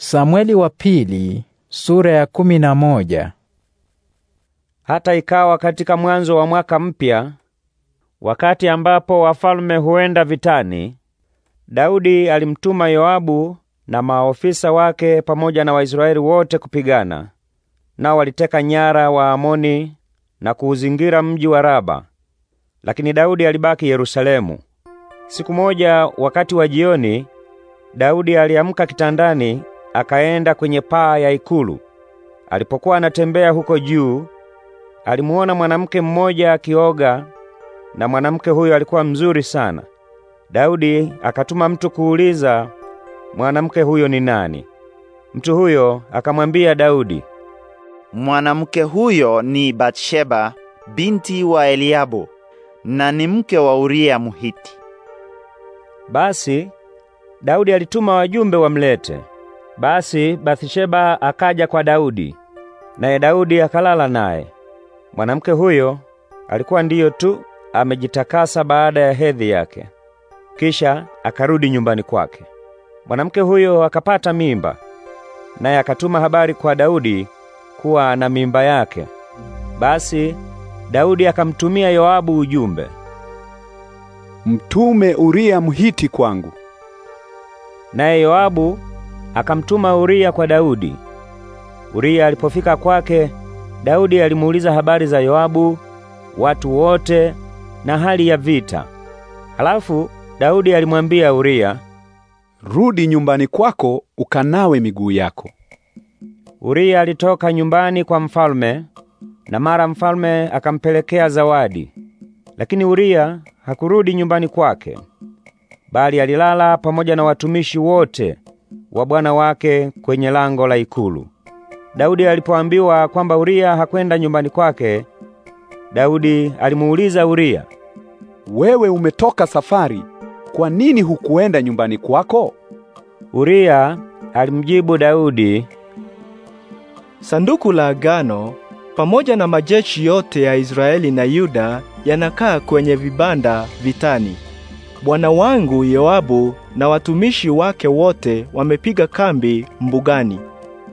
Samweli wa pili sura ya kumi na moja. Hata ikawa katika mwanzo wa mwaka mpya, wakati ambapo wafalme huenda vitani, Daudi alimtuma Yoabu na maofisa wake pamoja na Waisraeli wote kupigana. Nao waliteka nyara wa Amoni na kuuzingira mji wa Raba, lakini Daudi alibaki Yerusalemu. Siku moja wakati wa jioni, Daudi aliamka kitandani akaenda kwenye paa ya ikulu. Alipokuwa anatembea huko juu, alimuona mwanamke mmoja akioga, na mwanamke huyo alikuwa mzuri sana. Daudi akatuma mtu kuuliza mwanamke huyo ni nani. Mtu huyo akamwambia Daudi, mwanamke huyo ni Bathsheba binti wa Eliabu na ni mke wa Uria Muhiti. Basi Daudi alituma wajumbe wamlete. Basi Bathsheba akaja kwa Daudi, naye Daudi akalala naye. Mwanamke huyo alikuwa ndiyo tu amejitakasa baada ya hedhi yake, kisha akarudi nyumbani kwake. Mwanamke huyo akapata mimba, naye akatuma habari kwa Daudi kuwa na mimba yake. Basi Daudi akamtumia Yoabu ujumbe, mtume Uria Mhiti kwangu. Naye Yoabu akamtuma Uria kwa Daudi. Uria alipofika kwake, Daudi alimuuliza habari za Yoabu, watu wote na hali ya vita. Halafu Daudi alimwambia Uria, "Rudi nyumbani kwako ukanawe miguu yako." Uria alitoka nyumbani kwa mfalme na mara mfalme akampelekea zawadi. Lakini Uria hakurudi nyumbani kwake, bali alilala pamoja na watumishi wote wa bwana wake kwenye lango la ikulu. Daudi alipoambiwa kwamba Uria hakwenda nyumbani kwake, Daudi alimuuliza Uria, wewe umetoka safari, kwa nini hukuenda nyumbani kwako? Uria alimjibu Daudi, sanduku la agano pamoja na majeshi yote ya Israeli na Yuda yanakaa kwenye vibanda vitani. Bwana wangu Yoabu na watumishi wake wote wamepiga kambi mbugani.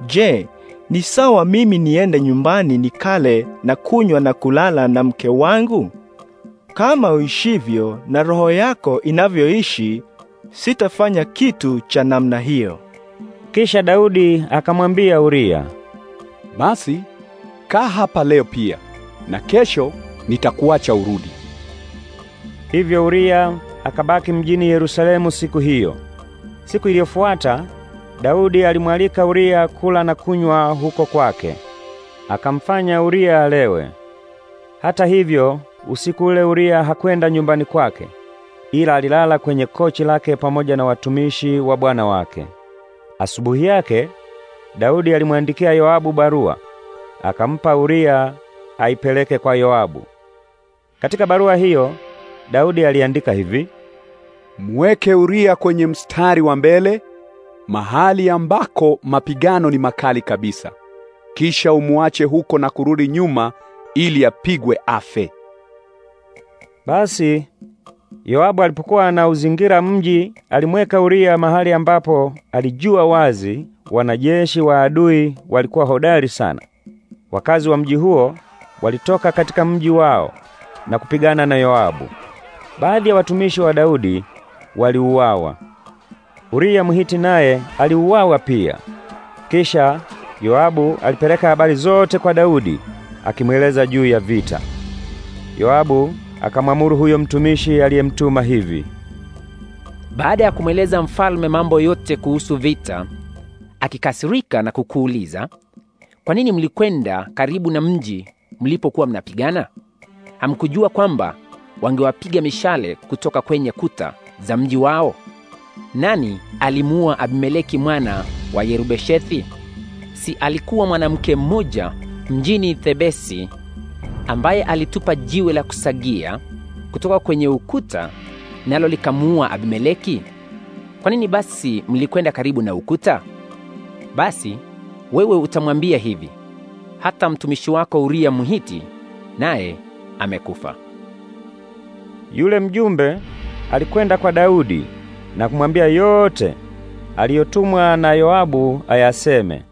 Je, ni sawa mimi niende nyumbani nikale na kunywa na kulala na mke wangu? Kama uishivyo na roho yako inavyoishi, sitafanya kitu cha namna hiyo. Kisha Daudi akamwambia Uria, basi kaa hapa leo pia na kesho nitakuacha urudi. Hivyo Uria akabaki mjini Yerusalemu siku hiyo. Siku iliyofuata Daudi alimwalika Uria kula na kunywa huko kwake, akamfanya Uria alewe. Hata hivyo, usiku ule Uria hakwenda nyumbani kwake, ila alilala kwenye kochi lake pamoja na watumishi wa bwana wake. Asubuhi yake Daudi alimwandikia Yoabu barua, akampa Uria aipeleke kwa Yoabu. Katika barua hiyo Daudi aliandika hivi: Mweke Uria kwenye mstari wa mbele, mahali ambako mapigano ni makali kabisa. Kisha umuache huko na kurudi nyuma ili apigwe afe. Basi Yoabu alipokuwa na uzingira mji, alimweka Uria mahali ambapo alijua wazi wanajeshi wa adui walikuwa hodari sana. Wakazi wa mji huo walitoka katika mji wao na kupigana na Yoabu. Baadhi ya watumishi wa Daudi waliuawa. Uria Mhiti naye aliuawa pia. Kisha Yoabu alipeleka habari zote kwa Daudi akimweleza juu ya vita. Yoabu akamwamuru huyo mtumishi aliyemtuma hivi. Baada ya kumweleza mfalme mambo yote kuhusu vita, akikasirika na kukuuliza, kwa nini mlikwenda karibu na mji mlipokuwa mnapigana? Hamkujua kwamba wangewapiga mishale kutoka kwenye kuta za mji wao? Nani alimuua Abimeleki mwana wa Yerubeshethi? Si alikuwa mwanamke mmoja mjini Thebesi ambaye alitupa jiwe la kusagia kutoka kwenye ukuta nalo likamuua Abimeleki? Kwa nini basi mlikwenda karibu na ukuta? Basi wewe utamwambia hivi, hata mtumishi wako Uria Mhiti naye amekufa. Yule mjumbe alikwenda kwa Daudi na kumwambia yote aliyotumwa na Yoabu ayaseme.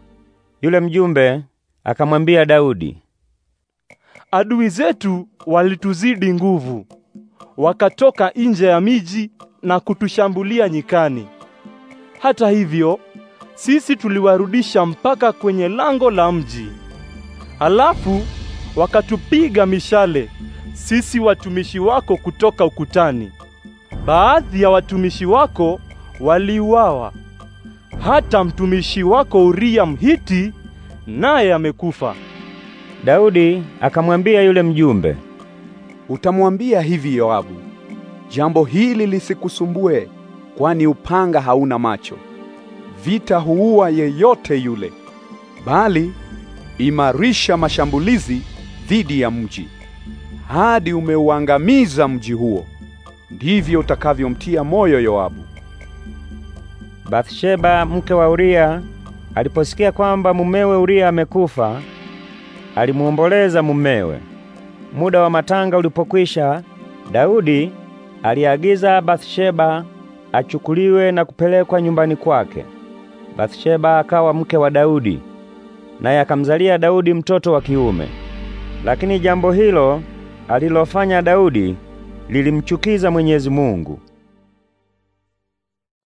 Yule mjumbe akamwambia Daudi, adui zetu walituzidi nguvu, wakatoka nje ya miji na kutushambulia nyikani. Hata hivyo, sisi tuliwarudisha mpaka kwenye lango la mji, halafu wakatupiga mishale sisi watumishi wako kutoka ukutani baadhi ya watumishi wako waliuawa. Hata mtumishi wako Uria Mhiti naye amekufa. Daudi akamwambia yule mjumbe, utamwambia hivi Yoabu, jambo hili lisikusumbue, kwani upanga hauna macho. Vita huua yeyote yule, bali imarisha mashambulizi dhidi ya mji hadi umeuangamiza mji huo ndivyo utakavyomtia moyo Yoabu. Bathsheba mke wa Uria aliposikia kwamba mumewe Uria amekufa, alimuomboleza mumewe. Muda wa matanga ulipokwisha, Daudi aliagiza Bathsheba achukuliwe na kupelekwa nyumbani kwake. Bathsheba akawa mke wa Daudi, naye akamzalia Daudi mtoto wa kiume. Lakini jambo hilo alilofanya Daudi lilimchukiza Mwenyezi Mungu